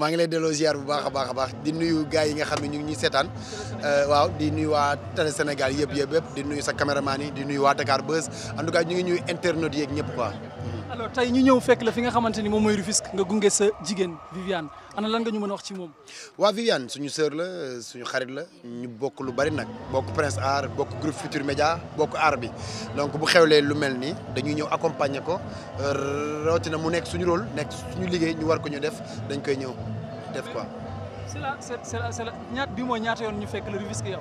maa ngi lay delloo ziar bu baax a baax a baax di nuyu gars yi nga xam ne ñu ngi ñuy seetaan euh, waaw di nuyu waa télé Sénégal yëpp yëpp yëpp di nuyu sa caméraman yi di nuyu waa Dakar Buzz en tout cas ñu ngi ñuy internautes yeeg mhm. tey ñu ñëw fekk la fi nga xamante ni moom mooy Rufisque nga gunge sa jigéen Viviane ana lan nga ñu mën a wax ci moom. waa Viviane suñu sœur la suñu xarit la ñu bokk lu bari nag bokk Prince Art bokk groupe Futur Média bokk art bi donc bu xewlee lu mel nii dañuy ñëw accompagner ko euh, rawatina mu nekk suñu rôle nekk suñu liggéey ñu war ko ñu def dañ koy ñëw. def quoi. c' est la c' est mooy ñaata yoon ñu fekk la Rufisque yow.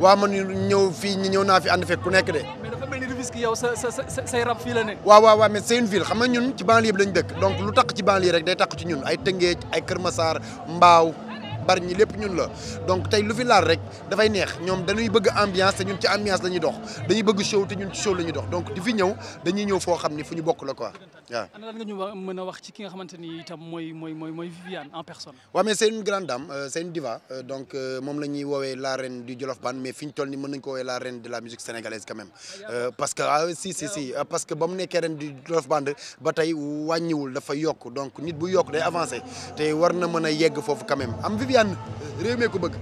waaw man ñëw fi ñu ñëw naa fi ànd fekk ku nekk de. mais dafa mel ni yow sa sa sa say rab fii la nekk. waaw waaw waaw mais c' est une xam nga ñun ci banlieue bi lañ dëkk donc lu takk ci banlieue rek day tax ci ñun ay Tëngéej ay Kër Massar Mbaaw. bari ñi lépp ñun la donc tey lu fi laal rek dafay neex ñoom dañuy bëgg ambiance te ñun ci ambiance la dox dañuy bëgg show te ñun ci show la dox donc di fi ñëw dañuy ñëw foo xam ni fu ñu a wax ci ki nga xamante ni itam mooy mooy mooy mooy Viviane en personne. waaw mais c'est une grande dame euh, c'est euh, euh, la ñuy woowee la reine du Jolof Band mais nii mën nañu ko woowee parce que ah si que ba mu nekkee reine du Jolof Band ba tey wàññiwul dafa yokk donc nit bu yokk day avancer te war na mën a yegg foofu quand am Viviane Viviane euh, réew mee ko bëgg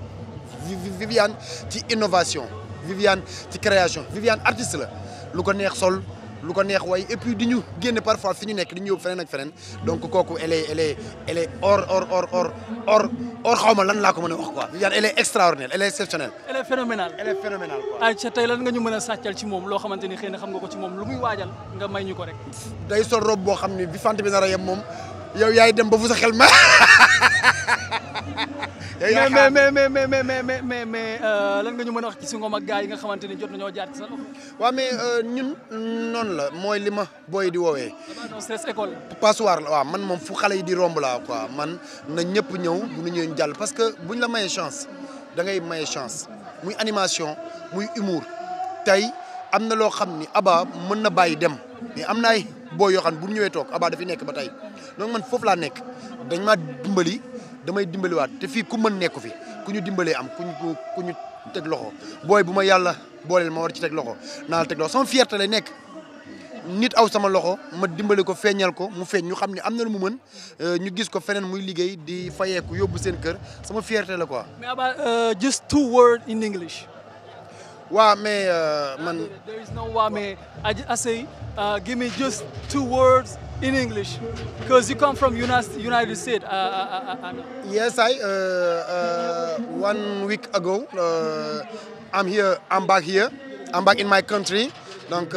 Viviane ci innovation Viviane ci création Viviane artiste la lu ko neex sol lu ko neex way et puis di ñu génne parfois fi ñu nekk di ñu yóbbu feneen ak feneen donc kooku elle est elle est elle est hors hors hors hors hors hors xaw ma lan laa ko mën a wax quoi Viviane elle est extraordinaire elle est exceptionnelle. elle est phénoménale elle est phénoménale quoi. ayca tey lan nga ñu mën a sàccal ci moom loo xamante ni xëy na xam nga ko ci moom lu muy waajal nga may ñu ko rek. day sol robe boo xam ni bi fant bi nar a yem moom yow yaay dem ba fu sa xel ma. mais mais mais mais mais mais mais euh, lan nga ñu mën a wax ci Sangom ak gars yi nga xamante ni jot nañoo jaar ci sa loxo. waaw mais euh, ñun noonu la mooy li ma booy di woowee. non stress école. passoire la waaw man moom fu xale yi di romb laa quoi man na ñëpp ñëw bu ñu jàll parce que buñ la mayee chance da ngay maye chance muy animation muy humour tey am na loo xam ni Aba mën na bàyyi dem mais am na ay booy yoo xam ne bu ñëwee toog Aba dafi nekk ba tey donc man foofu laa nekk dañ ma dimbali. damay dimbaliwaat te fii ku mën nekku fi ku ñu dimbalee am ku ñu ku ñu teg loxo booy bu ma yàlla booleel ma war ci teg loxo naa la teg loxo sama fierté nekk nit aw sama loxo ma dimbali ko feeñal ko mu feeñ ñu xam ne am na lu mu mën euh, ñu gis ko feneen muy liggéey di fayeeku yóbbu seen kër sama fierté la quoi. mais Aba euh, just two words in euh, man. in English because you come from United, United States. Uh, uh, uh, uh yes, I uh, uh, one week ago I'm here. I'm back here. I'm back in my country. Donc,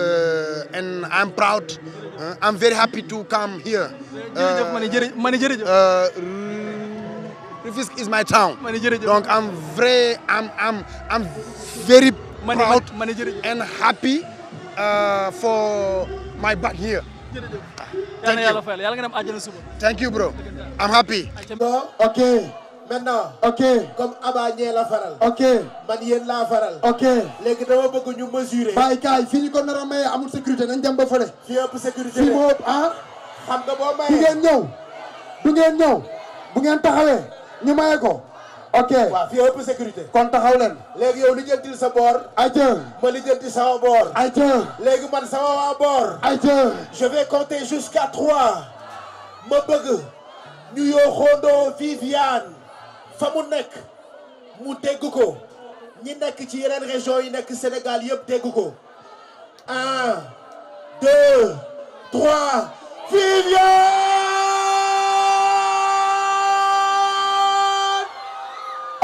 and I'm proud. I'm very happy to come here. Rufisque is my town. Donc, I'm very, I'm, I'm, I'm very proud and happy for my back here. thank you yàlla nga dem àjjana suba. thank you bro I'm happy. non ok maintenant. ok comme Aba ñee la faral. ok man yéen laa faral. ok léegi dama bëgg ñu mesurer. bàyyi kaay fii ñu ko nar maye amul sécurité nañ dem ba fële. fii ëpp sécurité fii moo ëpp ah. xam nga ñëw. du ngeen ñëw bu ngeen taxawee ñu maye ko. ok waaw fii ëpp sécurité. kon taxaw leen. léegi yow li jëntil sa boor. ayca ma li jëntil sama boor. ayca léegi man sama waa boor. ayca je vais compter jusqu'à trois. ma bëgg ñu yooxoondoo Viviane fa mu nekk mu dégg ko ñi nekk ci yeneen région yi nekk Sénégal yëpp dégg ko un deux trois Viviane.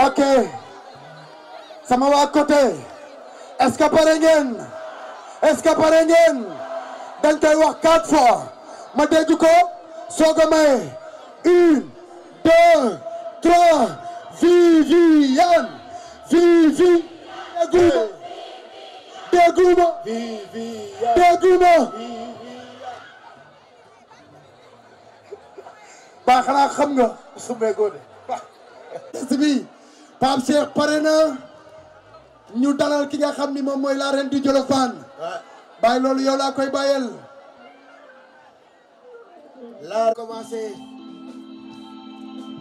ok sama waa côté est ngeen est ngeen dañ wax quatre fois ma dégg ko soog a maye une deux trois Viviane Viviane dégguma dégguma dégguma ba xanaa xam nga su meegoo de Pape Cheikh pare na ñu dalal ki nga xam ni moom mooy la reine di Djolof Pane bàyyi loolu yow laa koy bàyyel la commencé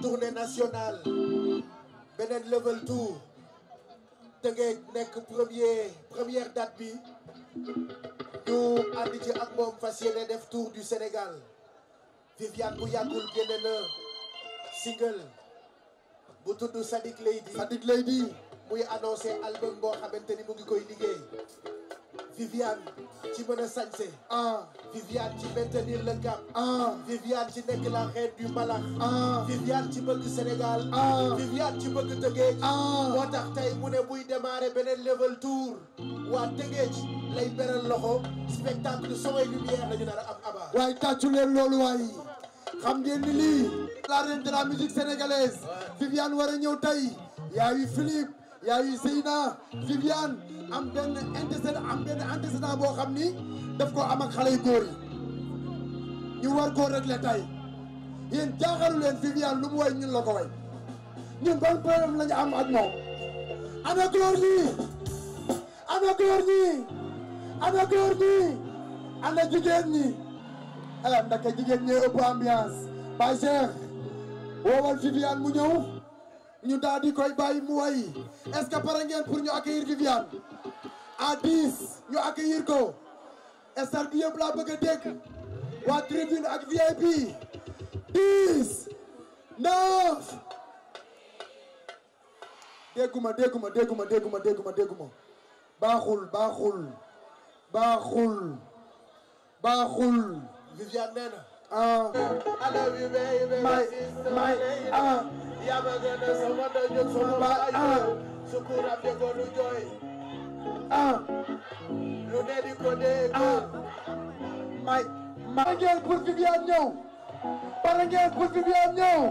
tournée nationale beneen level tour te ngeen nekk premier première date bi ñu ànd ci ak moom fas yéene def tour du Sénégal Viviane bu yàggul génne na single bu tudd Sadik Leydi Sadik Leydi muy annoncé album boo xamante ni mu ngi koy liggéey Viviane ci mën a sañse ah Viviane ci maintenir le cap ah Viviane ci nekk la reine du Malax ah Viviane ci bëgg Sénégal ah Viviane ci bëgg Tëngéej ah moo tax tey mu ne buy démarrer beneen level tour waa Tëngéej lay beral loxo spectacle son et lumière la ñu nar a xam ngeen ni lii la reine Viviane war a ñëw tey yaa yu Philippe yaa yu Seyna Viviane am benn antécédent am benn antécédent boo xam ni daf ko am ak xale yu góor yi ñu war koo régler tey yéen jaaxalu leen Viviane lu way ñun la ko way ñun ban problème lañu am ak moom ana góor ñi ana góor ñi ana góor ñi ana jigéen ñi ah ndaka jigéen ñee ëpp ambiance Baye Cheikh woowal Viviane mu ñëw ñu daal di koy bàyyi mu way est-ce que pare ngeen pour ñu accueillir Viviane ko stade bi yëpp laa bëgg a dégg waa tribune ak VIP 10 9 dégguma dégguma dégguma dégguma dégguma dégguma baaxul baaxul baaxul baaxul Viviane nee na. ah. may may ah. ah. ah. ah. may. pare ngeen pour Viviane ñëw. pare ngeen pour Viviane ñëw.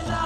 Sinaa